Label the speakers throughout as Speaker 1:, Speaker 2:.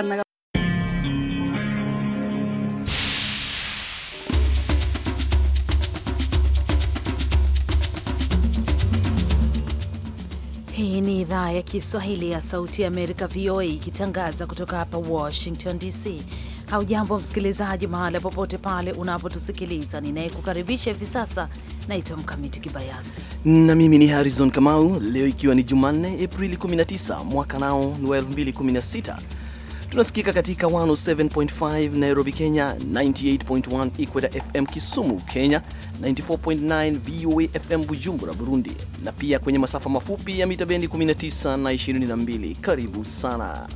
Speaker 1: Hii
Speaker 2: ni idhaa ya Kiswahili ya Sauti ya Amerika, VOA, ikitangaza kutoka hapa Washington DC. Haujambo msikilizaji, mahala popote pale unapotusikiliza. Ninayekukaribisha hivi sasa naitwa Mkamiti Kibayasi
Speaker 3: na mimi ni Harrison Kamau. Leo ikiwa ni Jumanne, Aprili 19 mwaka nao ni wa 2016 Tunasikika katika 107.5 Nairobi, Kenya, 98.1 Equator FM Kisumu, Kenya, 94.9 VOA FM Bujumbura, Burundi, na pia kwenye masafa mafupi ya mita bendi 19 na 22. Karibu sana.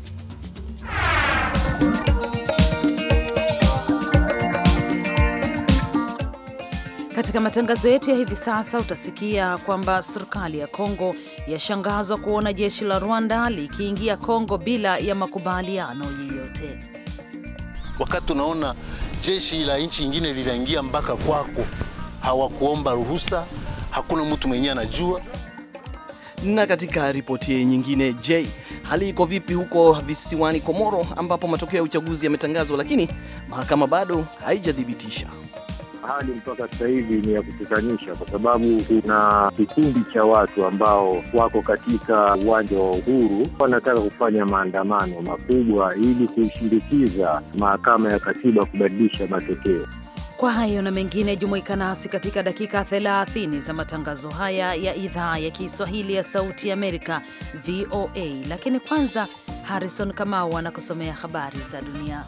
Speaker 2: Katika matangazo yetu ya hivi sasa utasikia kwamba serikali ya Kongo yashangazwa kuona jeshi la Rwanda likiingia Kongo bila ya makubaliano
Speaker 3: yoyote. Wakati tunaona jeshi la nchi nyingine linaingia mpaka kwako, hawakuomba ruhusa, hakuna mtu mwenyewe anajua. Na katika ripoti nyingine, je, hali iko vipi huko visiwani Komoro ambapo matokeo ya uchaguzi yametangazwa, lakini mahakama bado haijathibitisha
Speaker 4: hali mpaka sasa hivi ni ya kututanisha, kwa sababu kuna kikundi cha watu ambao wako katika uwanja wa Uhuru wanataka kufanya maandamano makubwa ili kushindikiza mahakama ya katiba kubadilisha matokeo.
Speaker 2: Kwa hayo na mengine, jumuika nasi katika dakika 30 za matangazo haya ya idhaa ya Kiswahili ya Sauti Amerika, VOA. Lakini kwanza, Harrison Kamau anakusomea
Speaker 3: habari za dunia.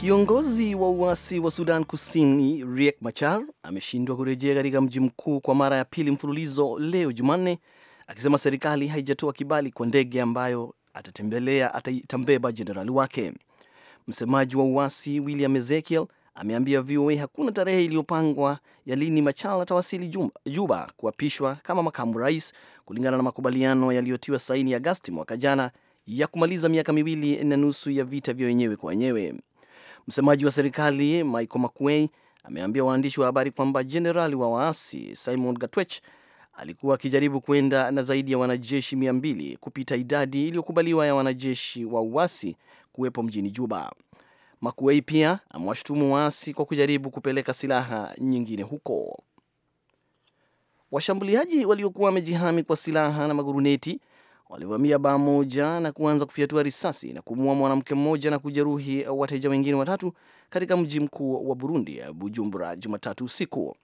Speaker 3: Kiongozi wa uasi wa Sudan Kusini Riek Machar ameshindwa kurejea katika mji mkuu kwa mara ya pili mfululizo leo Jumanne, akisema serikali haijatoa kibali kwa ndege ambayo atatembelea atambeba jenerali wake. Msemaji wa uasi William Ezekiel ameambia VOA hakuna tarehe iliyopangwa ya lini Machar atawasili Juba kuapishwa kama makamu rais, kulingana na makubaliano yaliyotiwa saini Agasti mwaka jana ya kumaliza miaka miwili na nusu ya vita vya wenyewe kwa wenyewe. Msemaji wa serikali Michael Makuei ameambia waandishi wa habari kwamba jenerali wa waasi Simon Gatwech alikuwa akijaribu kwenda na zaidi ya wanajeshi mia mbili kupita idadi iliyokubaliwa ya wanajeshi wa uasi kuwepo mjini Juba. Makuei pia amewashutumu waasi kwa kujaribu kupeleka silaha nyingine huko. Washambuliaji waliokuwa wamejihami kwa silaha na maguruneti walivamia baa moja na kuanza kufyatua risasi na kumuua mwanamke mmoja na kujeruhi wateja wengine watatu katika mji mkuu wa Burundi, Bujumbura, Jumatatu usiku,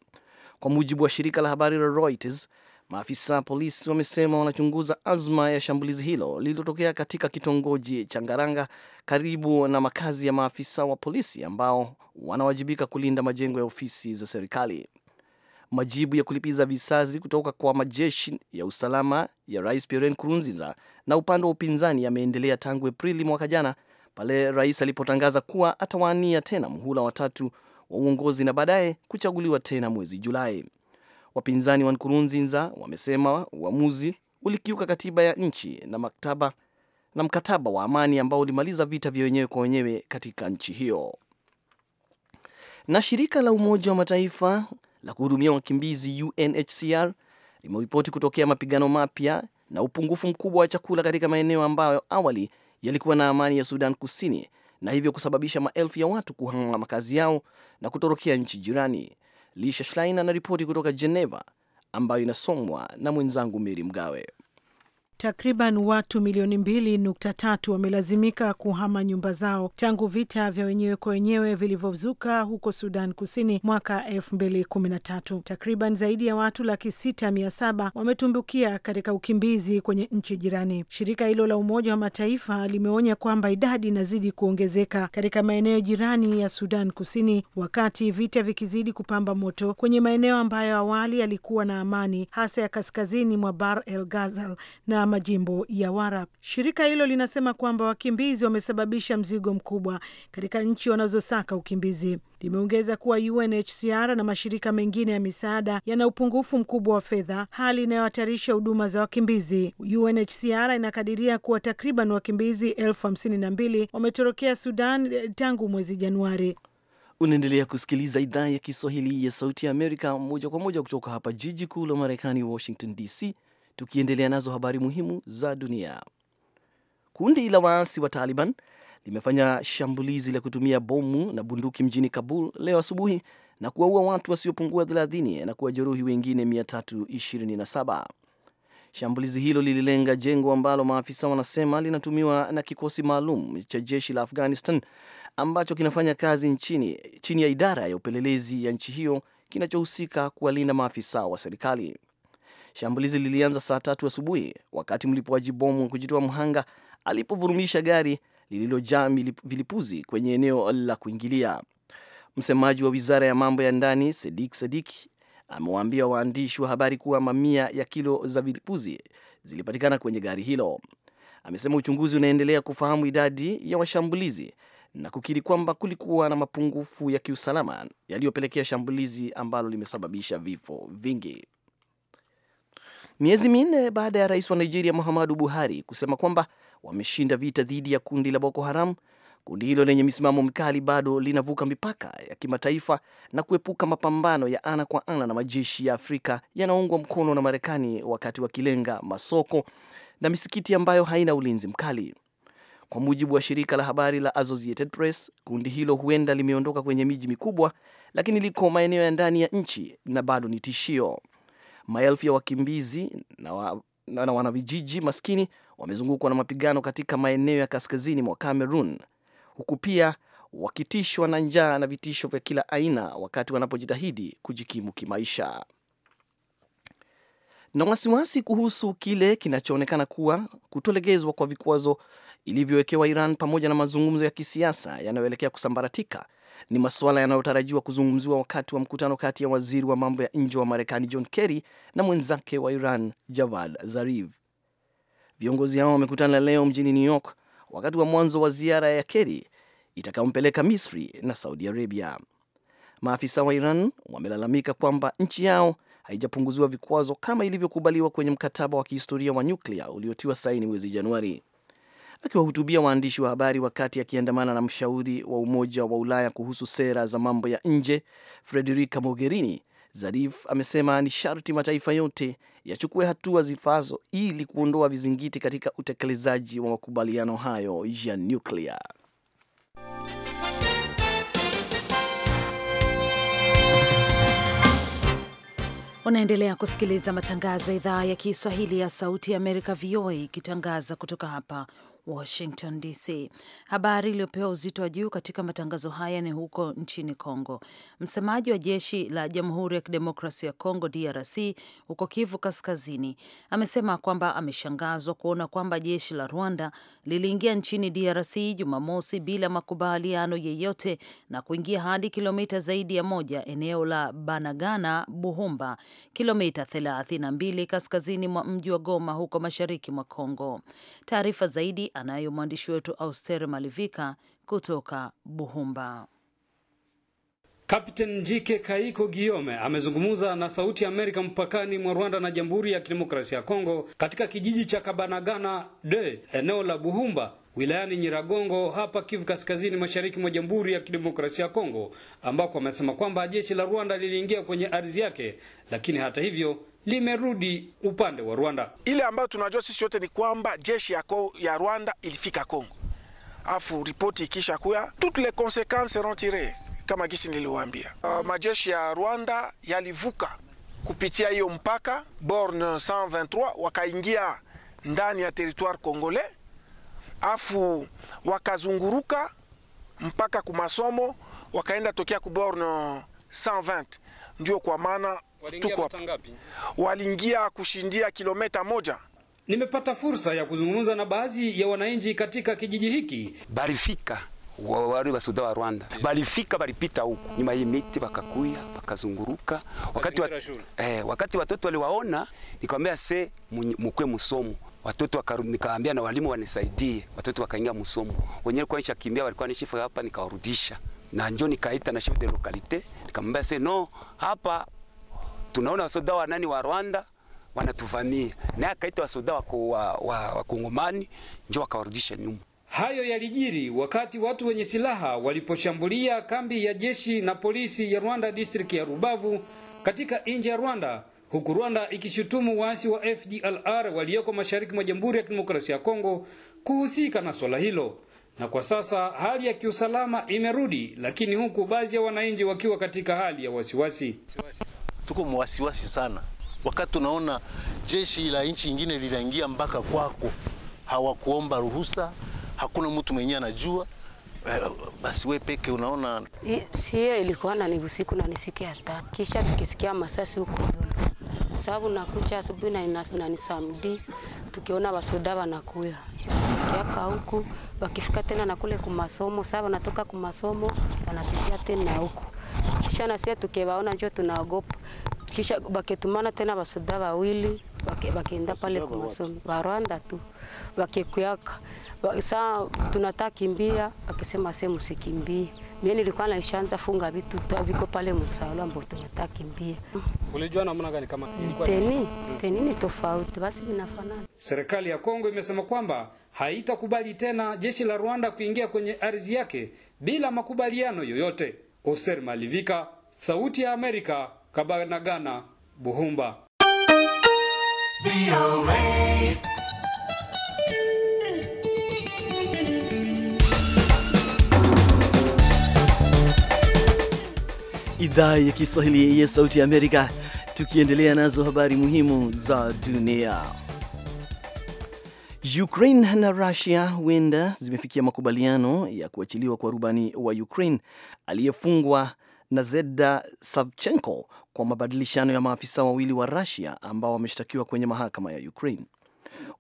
Speaker 3: kwa mujibu wa shirika la habari la Reuters. Maafisa polisi wamesema wanachunguza azma ya shambulizi hilo lililotokea katika kitongoji cha Ngaranga karibu na makazi ya maafisa wa polisi ambao wanawajibika kulinda majengo ya ofisi za serikali majibu ya kulipiza visasi kutoka kwa majeshi ya usalama ya Rais Pierre Nkurunziza na upande wa upinzani yameendelea tangu Aprili mwaka jana pale rais alipotangaza kuwa atawania tena mhula watatu wa uongozi na baadaye kuchaguliwa tena mwezi Julai. Wapinzani wa Nkurunziza wamesema uamuzi ulikiuka katiba ya nchi na maktaba na mkataba wa amani ambao ulimaliza vita vya wenyewe kwa wenyewe katika nchi hiyo. Na shirika la Umoja wa Mataifa la kuhudumia wakimbizi UNHCR limeripoti kutokea mapigano mapya na upungufu mkubwa wa chakula katika maeneo ambayo awali yalikuwa na amani ya Sudan Kusini na hivyo kusababisha maelfu ya watu kuhama makazi yao na kutorokea nchi jirani. Lisha Schlein anaripoti kutoka Geneva ambayo inasomwa na mwenzangu Meri Mgawe.
Speaker 5: Takriban watu milioni mbili nukta tatu wamelazimika kuhama nyumba zao tangu vita vya wenyewe kwa wenyewe vilivyozuka huko Sudan Kusini mwaka elfu mbili kumi na tatu. Takriban zaidi ya watu laki sita mia saba wametumbukia katika ukimbizi kwenye nchi jirani. Shirika hilo la Umoja wa Mataifa limeonya kwamba idadi inazidi kuongezeka katika maeneo jirani ya Sudan Kusini, wakati vita vikizidi kupamba moto kwenye maeneo ambayo awali yalikuwa na amani, hasa ya kaskazini mwa Bar el Ghazal na majimbo ya Warab. Shirika hilo linasema kwamba wakimbizi wamesababisha mzigo mkubwa katika nchi wanazosaka ukimbizi. Limeongeza kuwa UNHCR na mashirika mengine ya misaada yana upungufu mkubwa wa fedha, hali inayohatarisha huduma za wakimbizi. UNHCR inakadiria kuwa takriban wakimbizi elfu hamsini na mbili wametorokea Sudan eh, tangu mwezi Januari.
Speaker 3: Unaendelea kusikiliza idhaa ya Kiswahili ya Sauti ya Amerika moja kwa moja kutoka hapa jiji kuu la Marekani, Washington DC, tukiendelea nazo habari muhimu za dunia. Kundi la waasi wa Taliban limefanya shambulizi la kutumia bomu na bunduki mjini Kabul leo asubuhi na kuwaua watu wasiopungua 30 na kuwajeruhi wengine 327. Shambulizi hilo lililenga jengo ambalo maafisa wanasema linatumiwa na kikosi maalum cha jeshi la Afghanistan ambacho kinafanya kazi nchini chini ya idara ya upelelezi ya nchi hiyo kinachohusika kuwalinda maafisa wa serikali. Shambulizi lilianza saa tatu asubuhi wa wakati mlipuaji bomu wa kujitoa mhanga alipovurumisha gari lililojaa vilipuzi kwenye eneo la kuingilia. Msemaji wa wizara ya mambo ya ndani Sedik Sedik amewaambia waandishi wa habari kuwa mamia ya kilo za vilipuzi zilipatikana kwenye gari hilo. Amesema uchunguzi unaendelea kufahamu idadi ya washambulizi na kukiri kwamba kulikuwa na mapungufu ya kiusalama yaliyopelekea shambulizi ambalo limesababisha vifo vingi miezi minne baada ya rais wa Nigeria Muhammadu Buhari kusema kwamba wameshinda vita dhidi ya kundi la Boko Haram. Kundi hilo lenye misimamo mikali bado linavuka mipaka ya kimataifa na kuepuka mapambano ya ana kwa ana na majeshi ya Afrika yanaungwa mkono na Marekani, wakati wakilenga masoko na misikiti ambayo haina ulinzi mkali. Kwa mujibu wa shirika la habari la Associated Press, kundi hilo huenda limeondoka kwenye miji mikubwa, lakini liko maeneo ya ndani ya nchi na bado ni tishio. Maelfu ya wakimbizi na, wa, na wanavijiji maskini wamezungukwa na mapigano katika maeneo ya kaskazini mwa Cameroon, huku pia wakitishwa na njaa na vitisho vya kila aina wakati wanapojitahidi kujikimu kimaisha na wasiwasi kuhusu kile kinachoonekana kuwa kutolegezwa kwa vikwazo ilivyowekewa Iran pamoja na mazungumzo ya kisiasa yanayoelekea kusambaratika ni masuala yanayotarajiwa kuzungumziwa wakati wa mkutano kati ya waziri wa mambo ya nje wa Marekani John Kerry na mwenzake wa Iran Javad Zarif. Viongozi hao wamekutana leo mjini New York wakati wa mwanzo wa ziara ya Kerry itakayompeleka Misri na Saudi Arabia. Maafisa wa Iran wamelalamika kwamba nchi yao haijapunguziwa vikwazo kama ilivyokubaliwa kwenye mkataba wa kihistoria wa nyuklia uliotiwa saini mwezi Januari. Akiwahutubia waandishi wa habari wakati akiandamana na mshauri wa Umoja wa Ulaya kuhusu sera za mambo ya nje Frederica Mogherini, Zarif amesema ni sharti mataifa yote yachukue hatua zifazo ili kuondoa vizingiti katika utekelezaji wa makubaliano hayo ya nyuklia.
Speaker 2: Unaendelea kusikiliza matangazo ya idhaa ya Kiswahili ya Sauti ya Amerika, VOA, ikitangaza kutoka hapa Washington DC. Habari iliyopewa uzito wa juu katika matangazo haya ni huko nchini Kongo. Msemaji wa jeshi la Jamhuri ya Kidemokrasia ya Kongo DRC huko Kivu Kaskazini amesema kwamba ameshangazwa kuona kwamba jeshi la Rwanda liliingia nchini DRC Jumamosi bila makubaliano yeyote na kuingia hadi kilomita zaidi ya moja eneo la Banagana Buhumba, kilomita 32 kaskazini mwa mji wa Goma huko mashariki mwa Kongo. Taarifa zaidi anayo mwandishi wetu Auster Malivika kutoka Buhumba.
Speaker 6: Kapten jike Kaiko Giome amezungumza na Sauti ya Amerika mpakani mwa Rwanda na Jamhuri ya Kidemokrasia ya Kongo katika kijiji cha Kabanagana de eneo la Buhumba wilayani Nyiragongo hapa Kivu Kaskazini, mashariki mwa Jamhuri ya Kidemokrasia ya Kongo, ambako amesema kwamba jeshi la Rwanda liliingia kwenye ardhi yake, lakini hata hivyo limerudi upande wa Rwanda. Ile ambayo tunajua sisi yote ni kwamba jeshi ya, ko, ya Rwanda ilifika Kongo,
Speaker 3: afu ripoti ikisha kuya toutes les conséquences seront tirées kama gisi niliwaambia. Uh, majeshi ya Rwanda yalivuka kupitia hiyo mpaka borne 123 wakaingia ndani ya territoire congolais afu wakazunguruka mpaka kumasomo wakaenda tokea kuborno 120 ndio kwa maana tuko waliingia kushindia
Speaker 6: kilomita moja. Nimepata fursa ya kuzungumza na baadhi ya wananchi katika kijiji hiki. Barifika wari wasuda wa Rwanda balifika, balipita huku nyuma hii miti, wakakuya wakazunguruka. Wakati, wa, eh, wakati watoto waliwaona, nikamwambia se mukwe musomo watoto nikaambia na walimu wanisaidie, watoto wakaingia msomo wenyewe, kwa kimbia walikuwa wanashifa hapa, nikawarudisha na njoo, nikaita na chef de localité nikamwambia, sasa no, hapa tunaona wasoda wa nani wa Rwanda wanatuvamia, naye akaita wasoda wa wa, wa, wa Kongomani njoo, akawarudisha nyuma. Hayo yalijiri wakati watu wenye silaha waliposhambulia kambi ya jeshi na polisi ya Rwanda district ya Rubavu katika nje ya Rwanda huku Rwanda ikishutumu waasi wa FDLR walioko mashariki mwa Jamhuri ya Kidemokrasia ya Kongo kuhusika na swala hilo. Na kwa sasa hali ya kiusalama imerudi, lakini huku baadhi ya wananchi wakiwa katika hali ya wasiwasi. Tuko mwasiwasi sana wakati tunaona jeshi
Speaker 3: la nchi ingine linaingia mpaka kwako, hawakuomba ruhusa, hakuna mtu mwenye anajua eh, basi we peke unaona,
Speaker 7: sio ilikuwa na ni usiku na nisikia hata kisha tukisikia masasi huko sababu nakucha asubuhi na nanisamdi, tukiona wasoda wanakuya kiaka huku, wakifika tena na kule kumasomo, sasa wanatoka kumasomo wanapitia tena huku, kisha na sisi tukiwaona njo tunaogopa, kisha waketumana tena wasoda wawili wakienda pale kumasomo wa Rwanda tu wakikuyaka, saa tunatakimbia, akisema se msikimbie mimi nilikuwa naishaanza funga vitu tu viko pale Musaula Mboto natakimbia.
Speaker 6: Ulijua namna gani kama ilikuwa teni teni
Speaker 7: ni tofauti basi vinafanana.
Speaker 6: Serikali ya Kongo imesema kwamba haitakubali tena jeshi la Rwanda kuingia kwenye ardhi yake bila makubaliano yoyote. Oser Malivika, Sauti ya Amerika, Kabanagana, Buhumba. VOA.
Speaker 3: idhaa ya Kiswahili ya Sauti ya Amerika, tukiendelea nazo habari muhimu za dunia. Ukraine na Russia huenda zimefikia makubaliano ya kuachiliwa kwa rubani wa Ukraine aliyefungwa na Zeda Savchenko kwa mabadilishano ya maafisa wawili wa Russia ambao wameshtakiwa kwenye mahakama ya Ukraine.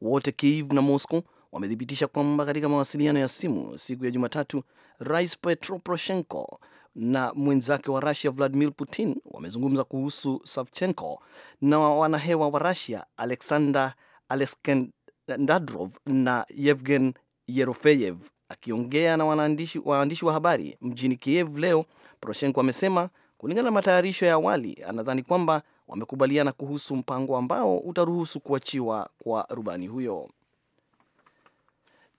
Speaker 3: Wote Kiev na Moscow wamethibitisha kwamba katika mawasiliano ya simu siku ya Jumatatu, Rais Petro Poroshenko na mwenzake wa Rusia Vladimir Putin wamezungumza kuhusu Savchenko na wanahewa wa Rusia Alexander Aleskandadrov na Yevgen Yerofeyev. Akiongea na waandishi wa habari mjini Kiev leo, Poroshenko amesema kulingana na matayarisho ya awali, anadhani kwamba wamekubaliana kuhusu mpango ambao utaruhusu kuachiwa kwa rubani huyo.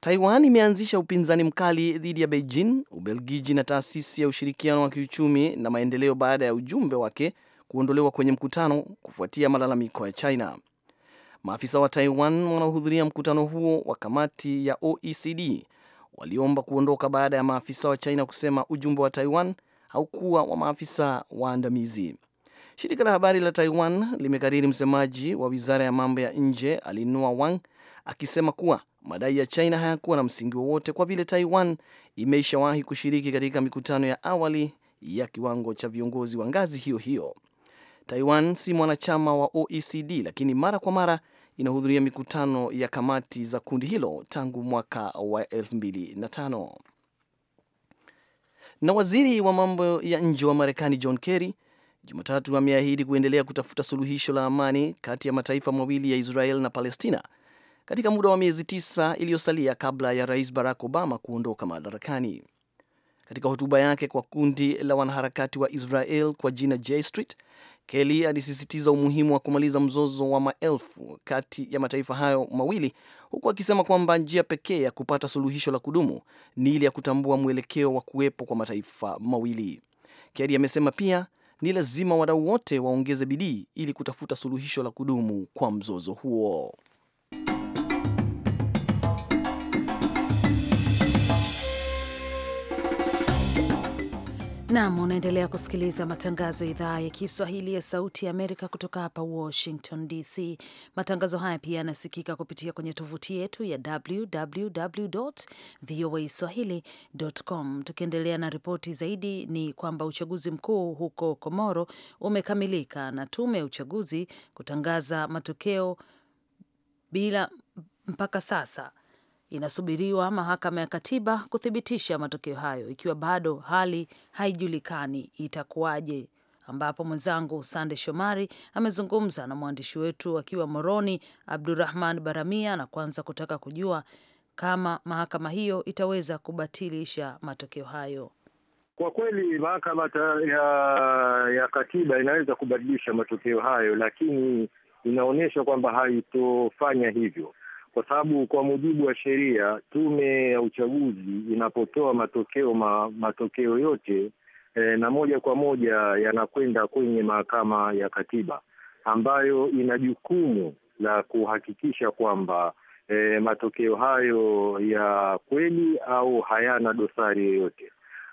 Speaker 3: Taiwan imeanzisha upinzani mkali dhidi ya Beijing, Ubelgiji na taasisi ya ushirikiano wa kiuchumi na maendeleo baada ya ujumbe wake kuondolewa kwenye mkutano kufuatia malalamiko ya China. Maafisa wa Taiwan wanaohudhuria mkutano huo wa kamati ya OECD waliomba kuondoka baada ya maafisa wa China kusema ujumbe wa Taiwan haukuwa wa maafisa waandamizi. Shirika la habari la Taiwan limekariri msemaji wa wizara ya mambo ya nje Alinua Wang akisema kuwa Madai ya China hayakuwa na msingi wowote kwa vile Taiwan imeishawahi kushiriki katika mikutano ya awali ya kiwango cha viongozi wa ngazi hiyo hiyo. Taiwan si mwanachama wa OECD lakini mara kwa mara inahudhuria mikutano ya kamati za kundi hilo tangu mwaka wa 2005. Na waziri wa mambo ya nje wa Marekani John Kerry Jumatatu ameahidi kuendelea kutafuta suluhisho la amani kati ya mataifa mawili ya Israel na Palestina katika muda wa miezi tisa iliyosalia kabla ya rais Barack Obama kuondoka madarakani. Katika hotuba yake kwa kundi la wanaharakati wa Israel kwa jina J Street, Kelly alisisitiza umuhimu wa kumaliza mzozo wa maelfu kati ya mataifa hayo mawili, huku akisema kwamba njia pekee ya kupata suluhisho la kudumu ni ile ya kutambua mwelekeo wa kuwepo kwa mataifa mawili. Kelly amesema pia ni lazima wadau wote waongeze bidii ili kutafuta suluhisho la kudumu kwa mzozo huo.
Speaker 2: Nam, unaendelea kusikiliza matangazo ya idhaa ya Kiswahili ya Sauti ya Amerika kutoka hapa Washington DC. Matangazo haya pia yanasikika kupitia kwenye tovuti yetu ya www voa swahili.com. Tukiendelea na ripoti zaidi, ni kwamba uchaguzi mkuu huko Komoro umekamilika na tume ya uchaguzi kutangaza matokeo bila mpaka sasa Inasubiriwa mahakama ya katiba kuthibitisha matokeo hayo, ikiwa bado hali haijulikani itakuwaje, ambapo mwenzangu Sande Shomari amezungumza na mwandishi wetu akiwa Moroni, Abdurahman Baramia, na kwanza kutaka kujua kama mahakama hiyo itaweza kubatilisha matokeo hayo.
Speaker 4: Kwa kweli mahakama ya, ya katiba inaweza kubadilisha matokeo hayo, lakini inaonyesha kwamba haitofanya hivyo kwa sababu kwa mujibu wa sheria tume ya uchaguzi inapotoa matokeo ma, matokeo yote e, na moja kwa moja yanakwenda kwenye mahakama ya katiba ambayo ina jukumu la kuhakikisha kwamba e, matokeo hayo ya kweli au hayana dosari yoyote.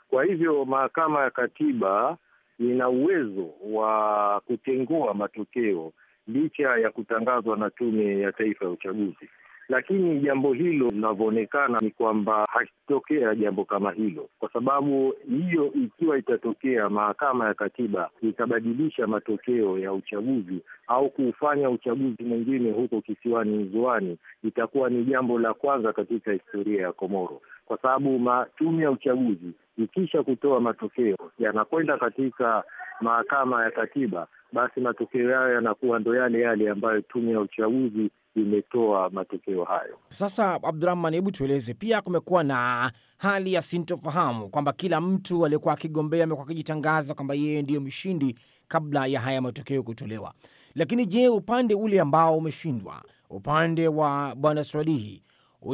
Speaker 4: Kwa hivyo mahakama ya katiba ina uwezo wa kutengua matokeo licha ya kutangazwa na Tume ya Taifa ya Uchaguzi. Lakini jambo hilo linavyoonekana ni kwamba hakitokea jambo kama hilo, kwa sababu hiyo ikiwa itatokea, mahakama ya katiba ikabadilisha matokeo ya uchaguzi au kuufanya uchaguzi mwingine huko kisiwani nzuani itakuwa ni jambo la kwanza katika historia ya Komoro, kwa sababu tume ya uchaguzi ikisha kutoa matokeo yanakwenda katika mahakama ya katiba, basi matokeo yayo yanakuwa ndo yale yale ambayo tume ya uchaguzi imetoa matokeo hayo.
Speaker 6: Sasa Abdurahman, hebu tueleze pia, kumekuwa na hali ya sintofahamu kwamba kila mtu aliyekuwa akigombea amekuwa akijitangaza kwamba yeye ndiyo mshindi kabla ya haya matokeo kutolewa. Lakini je, upande ule ambao umeshindwa, upande wa bwana Swalihi,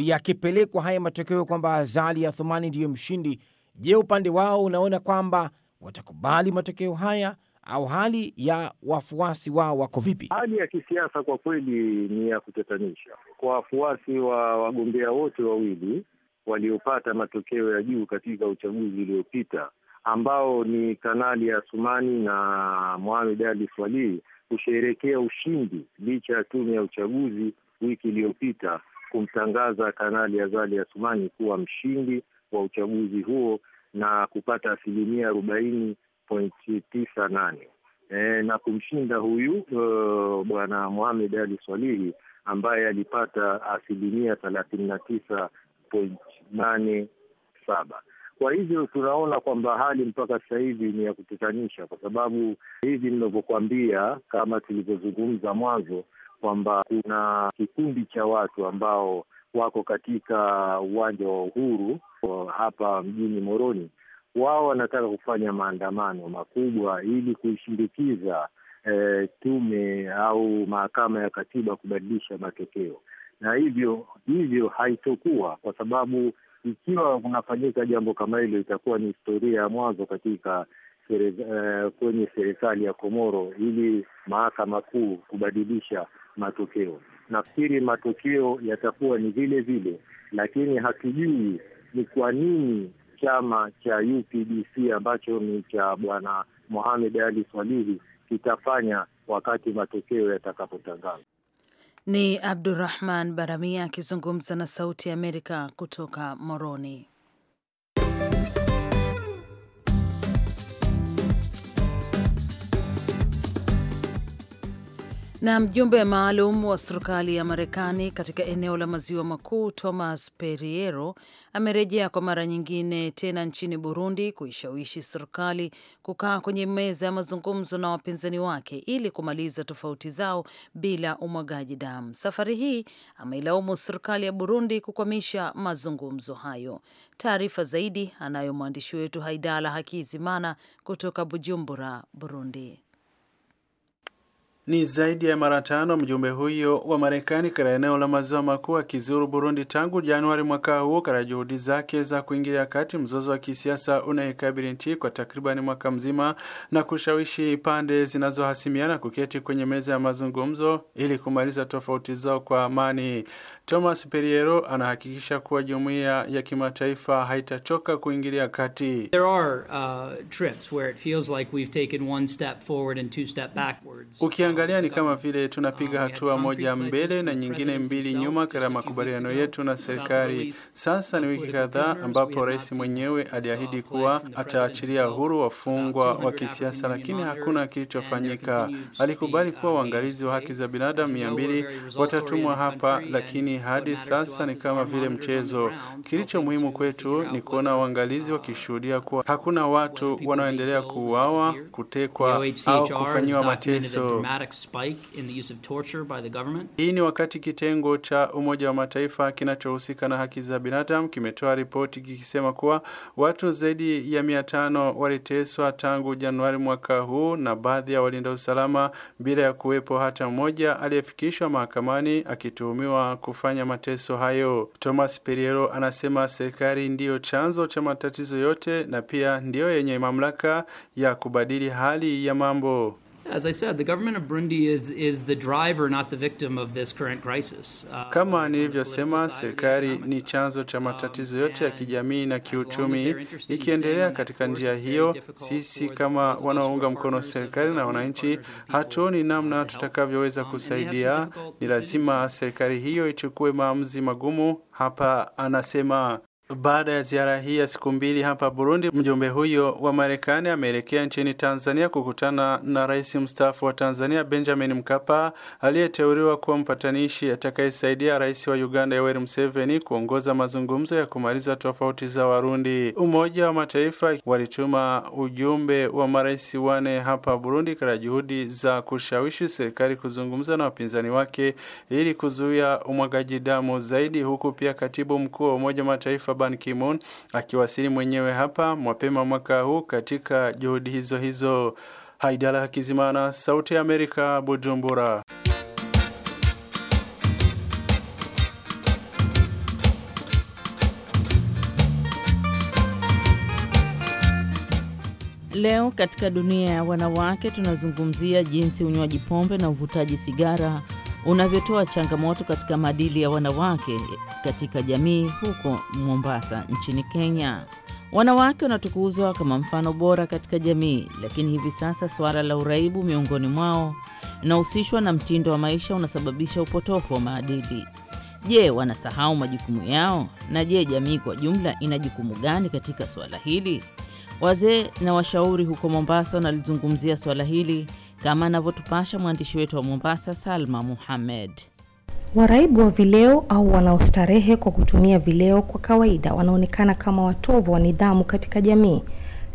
Speaker 6: yakipelekwa haya matokeo kwamba Azali Athumani ndiyo mshindi, je, upande wao unaona kwamba watakubali matokeo haya
Speaker 4: au hali ya wafuasi wao wako vipi? Hali ya kisiasa kwa kweli ni ya kutatanisha kwa wafuasi wa wagombea wote wawili waliopata matokeo ya juu katika uchaguzi uliopita ambao ni Kanali ya Asumani na Mohamed Ali Swalih kusherehekea ushindi licha ya tume ya uchaguzi wiki iliyopita kumtangaza Kanali Azali Asumani kuwa mshindi wa uchaguzi huo na kupata asilimia arobaini pointi tisa nane e, na kumshinda huyu uh, bwana Mohamed Ali Swalihi ambaye alipata asilimia thelathini na tisa pointi nane saba. Kwa hivyo tunaona kwamba hali mpaka sasa hivi ni ya kutatanisha, kwa sababu hivi ninavyokuambia, kama tulivyozungumza mwanzo kwamba kuna kikundi cha watu ambao wako katika uwanja wa Uhuru hapa mjini Moroni. Wao wanataka kufanya maandamano makubwa ili kuishindikiza e, tume au mahakama ya katiba kubadilisha matokeo, na hivyo hivyo haitokuwa kwa sababu ikiwa kunafanyika jambo kama hilo, itakuwa ni historia ya mwanzo katika uh, kwenye serikali ya Komoro ili mahakama kuu kubadilisha matokeo. Nafikiri matokeo yatakuwa ni vile vile, lakini hatujui ni kwa nini chama cha UPDC ambacho ni cha bwana Mohamed Ali Swalihi kitafanya wakati matokeo yatakapotangazwa.
Speaker 2: Ni Abdurahman Baramia akizungumza na Sauti ya Amerika kutoka Moroni. Na mjumbe maalum wa serikali ya Marekani katika eneo la maziwa makuu Thomas Periero amerejea kwa mara nyingine tena nchini Burundi kuishawishi serikali kukaa kwenye meza ya mazungumzo na wapinzani wake ili kumaliza tofauti zao bila umwagaji damu. Safari hii ameilaumu serikali ya Burundi kukwamisha mazungumzo hayo. Taarifa zaidi anayo mwandishi wetu Haidala Hakizimana kutoka Bujumbura,
Speaker 8: Burundi ni zaidi ya mara tano mjumbe huyo wa Marekani katika eneo la maziwa makuu akizuru Burundi tangu Januari mwaka huu katika juhudi zake za kuingilia kati mzozo wa kisiasa unaikabili nchi kwa takribani mwaka mzima na kushawishi pande zinazohasimiana kuketi kwenye meza ya mazungumzo ili kumaliza tofauti zao kwa amani. Thomas Periero anahakikisha kuwa jumuiya ya kimataifa haitachoka kuingilia kati.
Speaker 6: There are, uh, trips where it feels like we've taken one step forward and two step backwards.
Speaker 8: Ukianga tunaangalia ni kama vile tunapiga um, hatua moja mbele na nyingine mbili nyuma katika makubaliano yetu na serikali. Sasa ni wiki kadhaa ambapo rais mwenyewe aliahidi kuwa ataachilia huru wafungwa wa kisiasa, lakini hakuna kilichofanyika. Alikubali kuwa uh, waangalizi wa haki za binadamu mia mbili watatumwa hapa, lakini hadi sasa ni kama vile mchezo. Kilicho muhimu kwetu ni kuona waangalizi wakishuhudia kuwa hakuna uh, watu wanaoendelea kuuawa, kutekwa au kufanyiwa mateso. Hii ni wakati kitengo cha Umoja wa Mataifa kinachohusika na haki za binadamu kimetoa ripoti kikisema kuwa watu zaidi ya mia tano waliteswa tangu Januari mwaka huu na baadhi ya walinda usalama bila ya kuwepo hata mmoja aliyefikishwa mahakamani akituhumiwa kufanya mateso hayo. Thomas Periero anasema serikali ndiyo chanzo cha matatizo yote na pia ndiyo yenye mamlaka ya kubadili hali ya mambo. As I said, the government
Speaker 2: of Burundi is, is the driver, not the victim of this current
Speaker 8: crisis. Uh, kama nilivyosema, serikali ni chanzo cha matatizo um, yote ya kijamii na kiuchumi. Ikiendelea katika njia hiyo, sisi kama wanaounga mkono serikali na wananchi hatuoni namna tutakavyoweza um, kusaidia. Ni lazima serikali hiyo ichukue maamuzi magumu hapa, anasema. Baada ya ziara hii ya siku mbili hapa Burundi, mjumbe huyo wa Marekani ameelekea nchini Tanzania kukutana na rais mstaafu wa Tanzania Benjamin Mkapa aliyeteuliwa kuwa mpatanishi atakayesaidia rais wa Uganda Yoweri Museveni kuongoza mazungumzo ya kumaliza tofauti za Warundi. Umoja wa Mataifa walituma ujumbe wa marais wane hapa Burundi katika juhudi za kushawishi serikali kuzungumza na wapinzani wake ili kuzuia umwagaji damu zaidi, huku pia katibu mkuu wa Umoja wa Mataifa Ban Ki-moon akiwasili mwenyewe hapa mapema mwaka huu katika juhudi hizo hizo. Haidala Hakizimana, Sauti ya Amerika, Bujumbura.
Speaker 2: Leo katika dunia ya wanawake tunazungumzia jinsi unywaji pombe na uvutaji sigara unavyotoa changamoto katika maadili ya wanawake katika jamii huko Mombasa nchini Kenya. Wanawake wanatukuzwa kama mfano bora katika jamii, lakini hivi sasa suala la uraibu miongoni mwao inahusishwa na mtindo wa maisha unasababisha upotofu wa maadili. Je, wanasahau majukumu yao? Na je, jamii kwa jumla ina jukumu gani katika suala hili? Wazee na washauri huko Mombasa wanalizungumzia suala hili kama anavyotupasha mwandishi wetu wa Mombasa, Salma Muhammed.
Speaker 1: Waraibu wa vileo au wanaostarehe kwa kutumia vileo kwa kawaida wanaonekana kama watovu wa nidhamu katika jamii,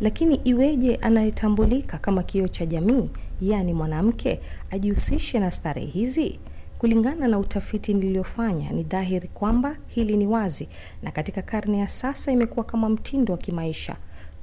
Speaker 1: lakini iweje anayetambulika kama kioo cha jamii, yaani mwanamke, ajihusishe na starehe hizi? Kulingana na utafiti niliyofanya, ni dhahiri kwamba hili ni wazi, na katika karne ya sasa imekuwa kama mtindo wa kimaisha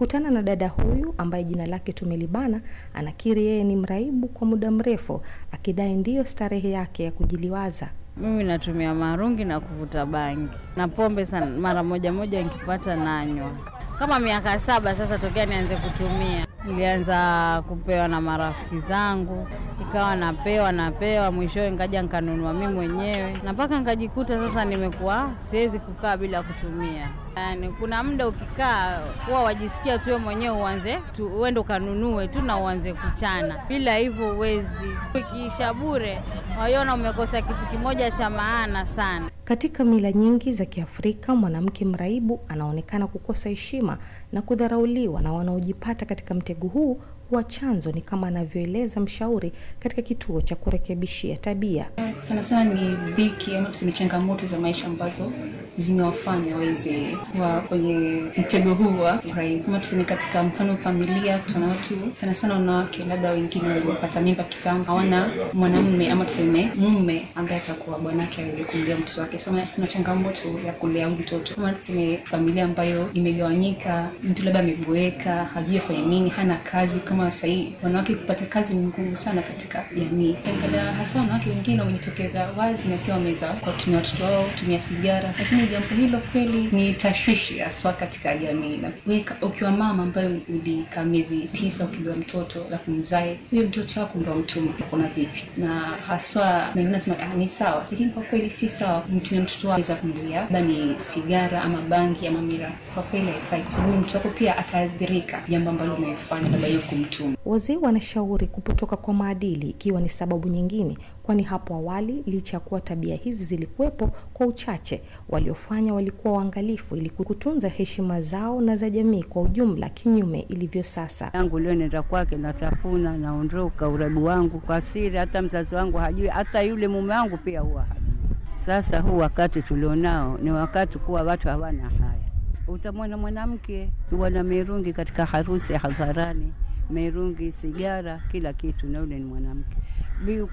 Speaker 1: Kutana na dada huyu ambaye jina lake tumelibana, anakiri yeye ni mraibu kwa muda mrefu, akidai ndiyo starehe yake ya kujiliwaza.
Speaker 2: Mimi natumia marungi na kuvuta bangi na pombe sana, mara moja moja nikipata nanywa, kama miaka saba sasa tokea nianze kutumia Nilianza kupewa na marafiki zangu, ikawa napewa napewa, mwishowe nkaja nkanunua mi mwenyewe, na mpaka nkajikuta sasa nimekuwa siwezi kukaa bila kutumia. Yani, kuna muda ukikaa huwa wajisikia tuwe mwenyewe uanze tu, uende ukanunue tu na uanze kuchana, bila hivyo uwezi ikiisha bure, waiona umekosa kitu kimoja cha maana sana.
Speaker 1: Katika mila nyingi za Kiafrika, mwanamke mraibu anaonekana kukosa heshima na kudharauliwa, na wanaojipata katika mtego huu kuwa chanzo ni kama
Speaker 7: anavyoeleza mshauri katika kituo cha kurekebishia tabia. Sana sana ni dhiki ama tuseme changamoto za maisha ambazo zimewafanya waweze kuwa kwenye mtego huu wa urai, kama tuseme katika mfano familia, tuna watu sana sana wanawake, labda wengine waliopata mimba kitambo, hawana mwanamume ama tuseme mume ambaye atakuwa bwanake aweze kumlea mtoto wake. So kuna changamoto ya kulea mtoto, kama tuseme familia ambayo imegawanyika, mtu labda ameboeka, hajui afanye nini, hana kazi kama kama sasa wanawake kupata kazi ni ngumu sana katika jamii. Angalia hasa wanawake wengine wamejitokeza wazi na pia wameweza kuwatumia watoto wao kutumia sigara, lakini jambo hilo kweli ni tashwishi haswa katika jamii. Na weka, ukiwa mama ambaye ulikaa miezi tisa ukibeba mtoto alafu mzae huyo mtoto wako ndo mtumwa, kuna vipi? Na haswa wengine nasema ah, ni sawa, lakini kwa kweli si sawa kumtumia mtoto wako weza kumlia labda ni sigara ama bangi ama miraa. Kwa kweli haifai, kwa sababu mtoto wako pia ataathirika jambo ambalo umefanya baada ya hiyo mtume. Wazee wanashauri
Speaker 1: kupotoka kwa maadili ikiwa ni sababu nyingine, kwani hapo awali licha ya kuwa tabia hizi zilikuwepo kwa uchache, waliofanya walikuwa waangalifu ili kutunza heshima zao na za jamii kwa ujumla, kinyume ilivyo sasa. yangu leo nenda kwake, natafuna, naondoka urabu wangu kwa siri, hata mzazi wangu hajui, hata yule mume wangu pia huwa Sasa huu wakati tulionao ni wakati kuwa watu hawana haya. Utamwona mwanamke wana mirungi katika harusi ya hadharani merungi, sigara, kila kitu, na yule ni mwanamke.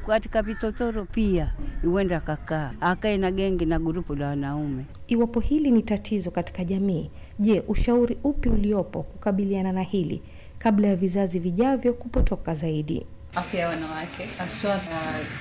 Speaker 1: Katika vitotoro pia huenda akakaa akae na gengi na gurupu la wanaume. Iwapo hili ni tatizo katika jamii, je, ushauri upi uliopo kukabiliana na hili kabla ya vizazi vijavyo kupotoka zaidi?
Speaker 7: afya ya wanawake haswa.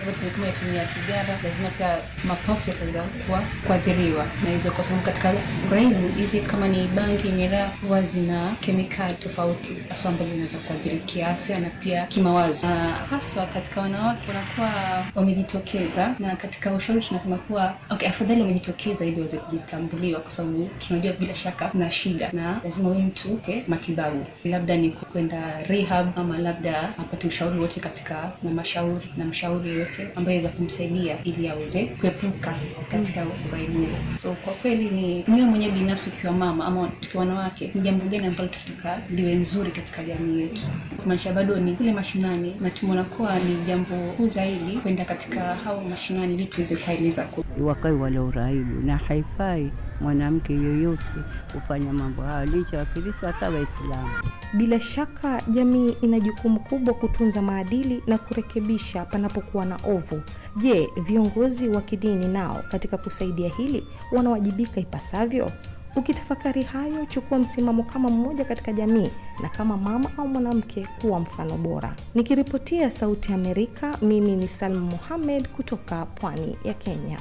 Speaker 7: Serikali kama yatumia sigara, lazima pia mapafu yataweza kuwa kuathiriwa na hizo, kwa sababu katika uraibu hizi kama ni bangi, miraa huwa zina kemikali tofauti haswa ambazo zinaweza kuathiri kiafya na pia kimawazo, na uh, haswa katika wanawake wanakuwa wamejitokeza. Na katika ushauri tunasema kuwa okay, afadhali wamejitokeza ili waweze kujitambuliwa, kwa sababu tunajua bila shaka kuna shida na lazima huyu mtu te matibabu, labda ni kwenda rehab ama labda apate ushauri wote yoyote katika mashauri na mshauri yoyote ambayo aweza kumsaidia ili aweze kuepuka katika uraibu huo. So kwa kweli ni mimi mwenyewe binafsi, ukiwa mama ama tukiwa wanawake, ni jambo gani ambalo tunataka liwe nzuri katika jamii yetu? Maisha bado ni kule mashinani, na tumeona kuwa ni jambo kuu zaidi kwenda katika hao mashinani ili tuweze kuwaeleza
Speaker 1: wakae wala uraibu na haifai mwanamke yoyote kufanya mambo hayo, licha Wakristo hata Waislamu. Bila shaka jamii ina jukumu kubwa kutunza maadili na kurekebisha panapokuwa na ovu. Je, viongozi wa kidini nao katika kusaidia hili wanawajibika ipasavyo? Ukitafakari hayo, chukua msimamo kama mmoja katika jamii na kama mama au mwanamke kuwa mfano bora. Nikiripotia Sauti ya Amerika, mimi ni Salma Mohamed kutoka pwani ya Kenya.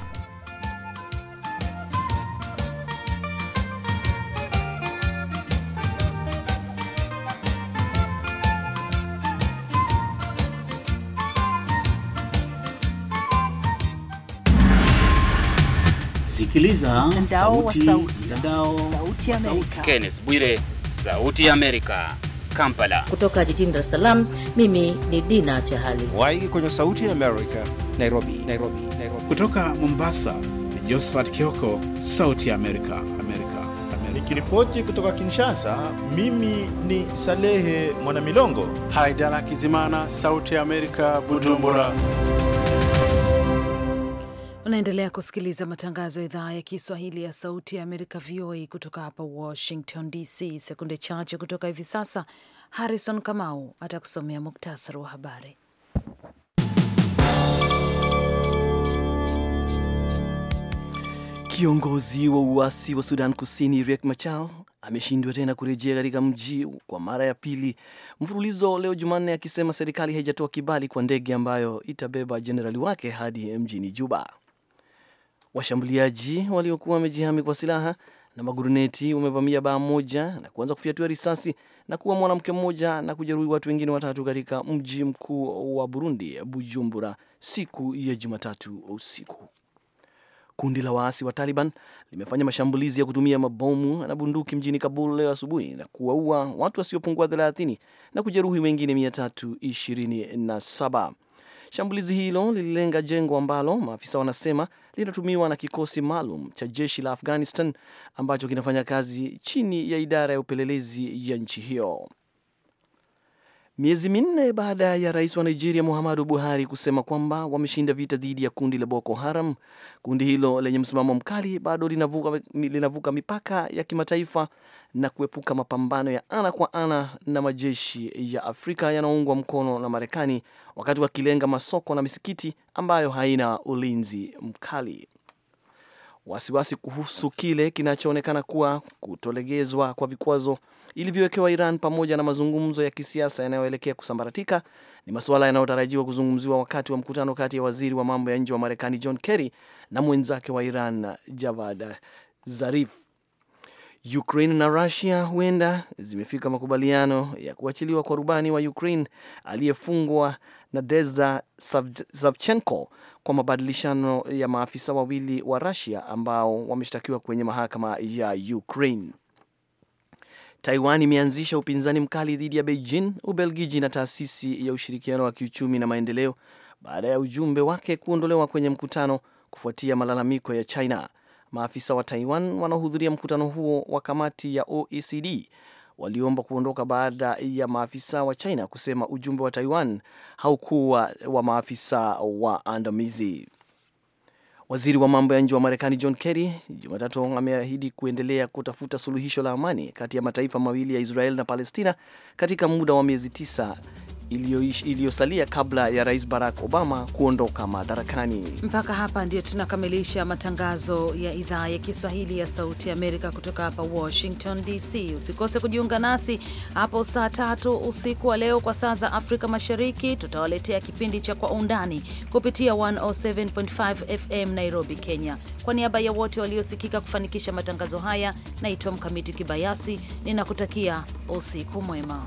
Speaker 6: Sikiliza mtandao wa sauti,
Speaker 2: mtandao sauti ya Amerika.
Speaker 6: Kenneth Bwire, sauti ya Amerika, Kampala.
Speaker 5: Kutoka jijini Dar es Salaam, mimi ni
Speaker 6: Dina Chahali Waigi kwenye sauti ya Amerika, Nairobi, Nairobi, Nairobi. Kutoka Mombasa ni Josephat Kioko, sauti ya Amerika, Amerika. Nikiripoti kutoka
Speaker 8: Kinshasa, mimi ni Salehe Mwanamilongo. Haidara Kizimana, sauti ya Amerika, Bujumbura.
Speaker 2: Unaendelea kusikiliza matangazo ya idhaa ya Kiswahili ya Sauti ya Amerika, VOA, kutoka hapa Washington DC. Sekunde chache kutoka hivi sasa, Harrison Kamau atakusomea muktasari wa habari.
Speaker 3: Kiongozi wa uasi wa Sudan Kusini Riek Machar ameshindwa tena kurejea katika mji kwa mara ya pili mfululizo leo Jumanne, akisema serikali haijatoa kibali kwa ndege ambayo itabeba jenerali wake hadi mjini Juba. Washambuliaji waliokuwa wamejihami kwa silaha na maguruneti wamevamia baa moja na kuanza kufyatua risasi na kuwa mwanamke mmoja na kujeruhi watu wengine watatu katika mji mkuu wa Burundi, Bujumbura, siku ya Jumatatu usiku. Kundi la waasi wa Taliban limefanya mashambulizi ya kutumia mabomu na bunduki mjini Kabul leo asubuhi na kuwaua watu wasiopungua 30 na kujeruhi wengine 327. Shambulizi hilo lililenga jengo ambalo maafisa wanasema linatumiwa na kikosi maalum cha jeshi la Afghanistan ambacho kinafanya kazi chini ya idara ya upelelezi ya nchi hiyo miezi minne baada ya rais wa Nigeria Muhammadu Buhari kusema kwamba wameshinda vita dhidi ya kundi la Boko Haram. Kundi hilo lenye msimamo mkali bado linavuka, linavuka mipaka ya kimataifa na kuepuka mapambano ya ana kwa ana na majeshi ya Afrika yanayoungwa mkono na Marekani, wakati wakilenga masoko na misikiti ambayo haina ulinzi mkali. Wasiwasi kuhusu kile kinachoonekana kuwa kutolegezwa kwa vikwazo ilivyowekewa Iran pamoja na mazungumzo ya kisiasa yanayoelekea kusambaratika ni masuala yanayotarajiwa kuzungumziwa wakati wa mkutano kati ya waziri wa mambo ya nje wa Marekani John Kerry na mwenzake wa Iran Javad Zarif. Ukraine na Russia huenda zimefika makubaliano ya kuachiliwa kwa rubani wa Ukraine aliyefungwa na Deza Savchenko kwa mabadilishano ya maafisa wawili wa Russia ambao wameshtakiwa kwenye mahakama ya Ukraine. Taiwan imeanzisha upinzani mkali dhidi ya Beijing, Ubelgiji na taasisi ya ushirikiano wa kiuchumi na maendeleo baada ya ujumbe wake kuondolewa kwenye mkutano kufuatia malalamiko ya China. Maafisa wa Taiwan wanaohudhuria mkutano huo wa kamati ya OECD waliomba kuondoka baada ya maafisa wa China kusema ujumbe wa Taiwan haukuwa wa maafisa waandamizi. Waziri wa mambo ya nje wa Marekani John Kerry Jumatatu ameahidi kuendelea kutafuta suluhisho la amani kati ya mataifa mawili ya Israel na Palestina katika muda wa miezi tisa iliyosalia kabla ya Rais Barack Obama kuondoka madarakani.
Speaker 2: Mpaka hapa ndio tunakamilisha matangazo ya idhaa ya Kiswahili ya Sauti ya Amerika kutoka hapa Washington DC. Usikose kujiunga nasi hapo saa tatu usiku wa leo kwa saa za Afrika Mashariki. Tutawaletea kipindi cha Kwa Undani kupitia 107.5 FM Nairobi, Kenya. Kwa niaba ya wote waliosikika kufanikisha matangazo haya, naitwa Mkamiti Kibayasi, ninakutakia usiku mwema.